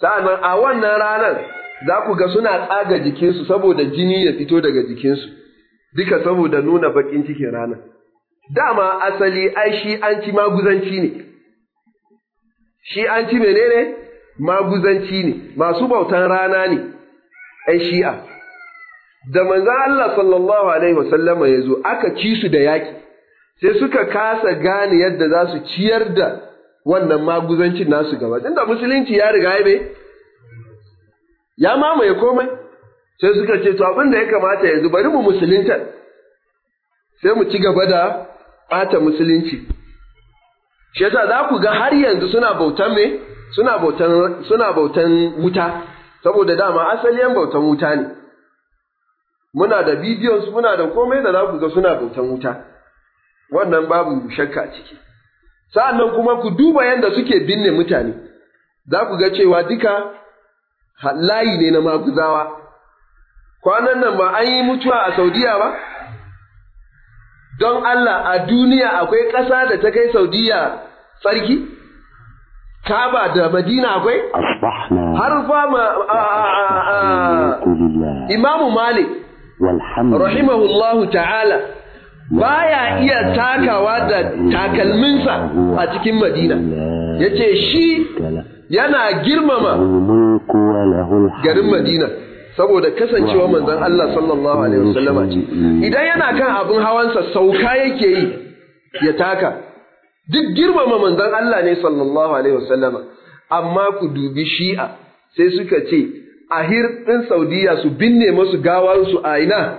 sa’an a wannan ranar za ku ga suna tsaga jikinsu saboda jini ya fito daga jikinsu duka saboda nuna baƙin cikin ranar dama asali ai shi an ci maguzanci ne shi an ci menene maguzanci ne masu bautan rana ne ai shi'a da manzon Allah sallallahu alaihi wasallama ya zo aka ci su da yaƙi sai suka kasa gane yadda za su ciyar da wannan maguzancin nasu gaba tunda musulunci ya riga ya ya mamaye komai sai suka ce to abin da ya kamata yanzu bari mu musulunta sai mu ci gaba da ɓata musulunci shi za ku ga har yanzu suna bautan me suna bautan suna bautan wuta saboda dama asaliyan bautan wuta ne muna da bidiyon muna da komai da za ku ga suna bautan wuta wannan babu shakka ciki sa'annan kuma ku duba yadda suke binne mutane za ku ga cewa duka layi ne na maguzawa kwanan nan ba an yi mutuwa a saudiya ba don Allah a duniya akwai ƙasa da ta kai saudiya tsarki kaba da madina akwai har fama imamu malik rahimahullahu ta'ala baya iya takawa da takalminsa a cikin madina ya ce shi yana girmama garin madina saboda kasancewa manzon Allah sallallahu alaihi wasallama ce idan yana kan abin hawansa sauka yake yi ya taka duk girmama manzon Allah ne sallallahu alaihi wasallama amma ku dubi shi'a sai suka ce a hirɗin saudiya su binne masu gawarsu a ina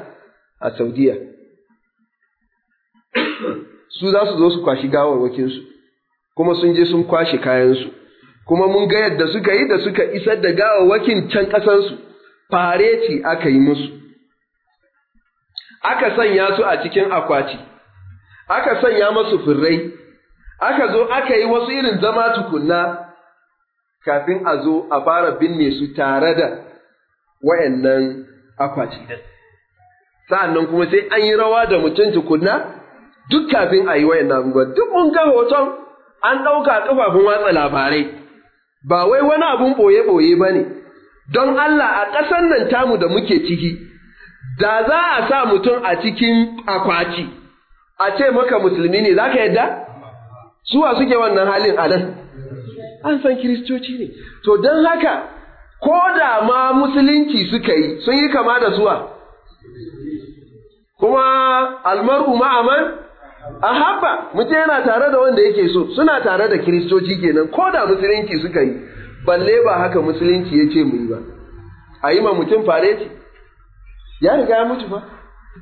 a saudiya su za su zo su kwashi gawarwakinsu kuma sun je sun kwashe kayansu kuma mun ga yadda suka yi da suka isar da gawarwakin can ƙasansu fareti aka yi musu aka sanya su a cikin akwati aka sanya masu furrai aka zo aka yi wasu irin zama tukunna kafin a zo a fara binne su tare da wayannan akwati sa'an nan kuma sai an yi rawa da mutum tukunna duk kafin a yi wayan abubuwa duk mun ga hoton an ɗauka ƙafafun watsa labarai ba wai wani abun ɓoye-ɓoye ba ne don Allah a ƙasan nan tamu da muke ciki da za a sa mutum a cikin akwati a ce maka musulmi ne za ka yadda suwa suke wannan halin a nan an san kiristoci ne to don haka ko da ma musulunci suka yi sun yi kama da suwa kuma almar'u ma'aman a haba mutum yana tare da wanda yake so suna tare da kiristoci kenan ko da musulunci suka yi balle ba haka musulunci ya ce mu yi ba a yi ma mutum fareti ya riga ya mutu ba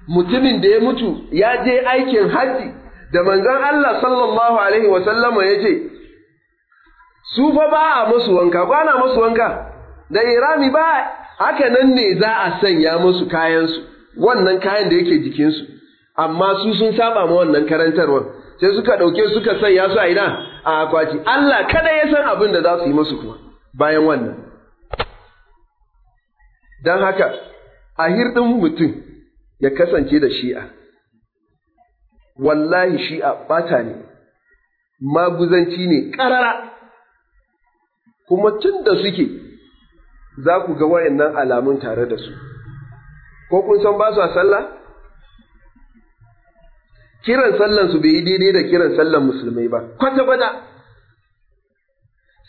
mutumin da ya mutu ya je aikin hajji da manzon Allah sallallahu alaihi wa sallama ya ce su fa ba a musu wanka ba na musu wanka da irami ba haka nan ne za a sanya musu kayansu wannan kayan da yake jikinsu amma su sun saba ma wannan karantarwar sai suka ɗauke suka sanya su a ina a akwati Allah kada ya san abin da za su yi musu kuma bayan wannan don haka a hirɗin mutum ya kasance da shi'a wallahi shi'a bata ne maguzanci ne ƙarara kuma tun da suke za ku ga wayannan alamun tare da su ko kun san ba su a sallah kiran sallan su bai yi daidai da kiran sallan musulmai ba kwata kwata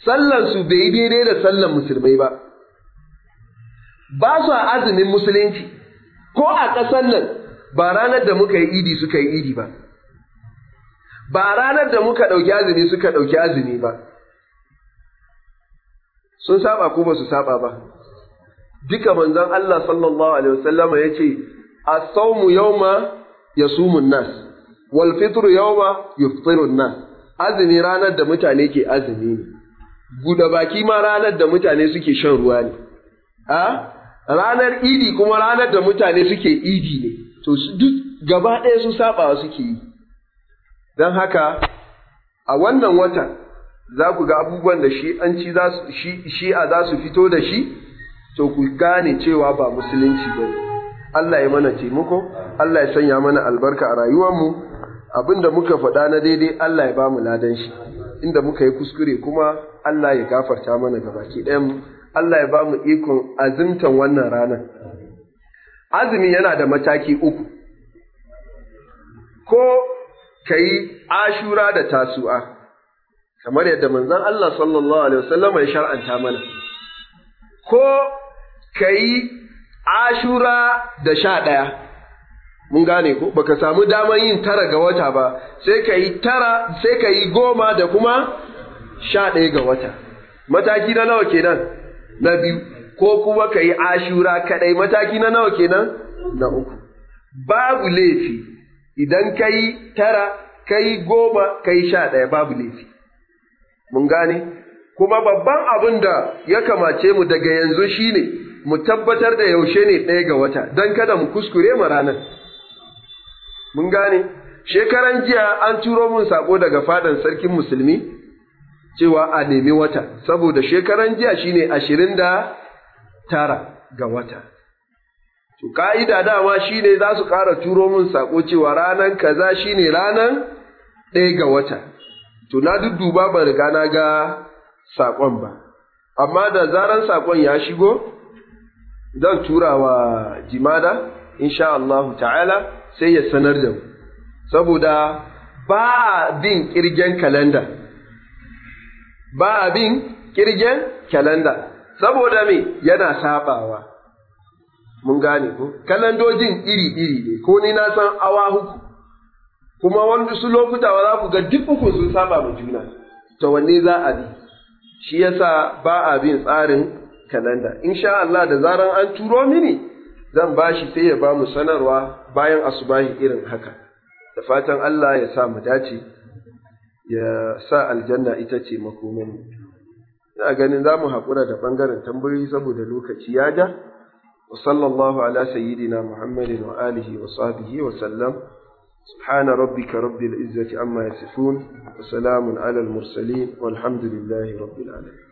sallan su bai yi daidai da sallan musulmai ba ba su a azumin musulunci ko a ƙasar nan ba ranar da muka yi idi suka yi idi ba ba ranar da muka ɗauki azumi suka ɗauki azumi ba sun saba ko ba su saba ba duka manzon Allah sallallahu alaihi wasallama ya ce as-sawmu yawma yasumun nas wal fitru yawma yufṭiru nas azumi ranar da mutane ke azumi ne buɗe baki ma ranar da mutane suke shan ruwa ne a ranar idi kuma ranar da mutane suke idi ne to duk gaba ɗaya su saba suke yi don haka a wannan watan za ku ga abubuwan da shi, shi'anci shi'a za su fito da shi to ku gane cewa ba musulunci ba Allah ya mana taimako Allah ya sanya mana albarka a rayuwar mu. Abin da muka faɗa na daidai Allah ya ba mu ladan shi inda muka yi kuskure kuma Allah ya gafarta mana ga baki. ɗayan Allah ya ba mu ikon azimtan wannan ranar azumi yana da mataki uku ko ka yi ashura da tasu'a kamar yadda manzon Allah sallallahu alaihi wasallam ya shar'anta mana ko ka yi ashura da sha ɗaya mun gane ko baka samu damar yin tara ga wata ba sai ka yi tara sai ka yi goma da kuma sha ɗaya ga wata mataki na nawa kenan na biyu ko kuma ka yi ashura kaɗai mataki na nawa kenan na uku babu laifi idan ka yi tara ka yi goma ka yi sha ɗaya babu laifi mun gane kuma babban abin da ya kamace mu daga yanzu shine mu tabbatar da yaushe ne ɗaya ga wata don kada mu kuskure mu ranar mun gane shekaran jiya an turo mun sako daga fadan sarkin musulmi cewa a nemi wata saboda shekaran jiya shine ashirin da tara ga wata to ka'ida dama shine za su ƙara turo mun sako cewa ranan kaza shine ranan ɗaya ga wata to na dudduba ba riga na ga sakon ba amma da zaran sakon ya shigo zan tura wa jimada insha Allah ta'ala sai ya sanar da mu saboda ba a bin kirgen kalanda ba a bin kirgen kalanda saboda me yana sabawa mun gane ko kalandojin iri iri ne ko ni na san awa huku kuma wani su lokuta ba za ku ga duk uku sun saba mu juna to wanne za a bi shi yasa ba a bin tsarin kalanda insha Allah da zaran an turo mini zan bashi sai ya ba mu sanarwa bayan asubahi irin haka da fatan Allah ya sa mu dace ya sa aljanna ita ce makomin ina ganin za mu haƙura da ɓangaren tambayoyi saboda lokaci ya ja wa sallallahu ala sayyidina muhammadin wa alihi wa sahbihi wa sallam سبحان ربك رب العزة عما يصفون وسلام على المرسلين والحمد لله رب العالمين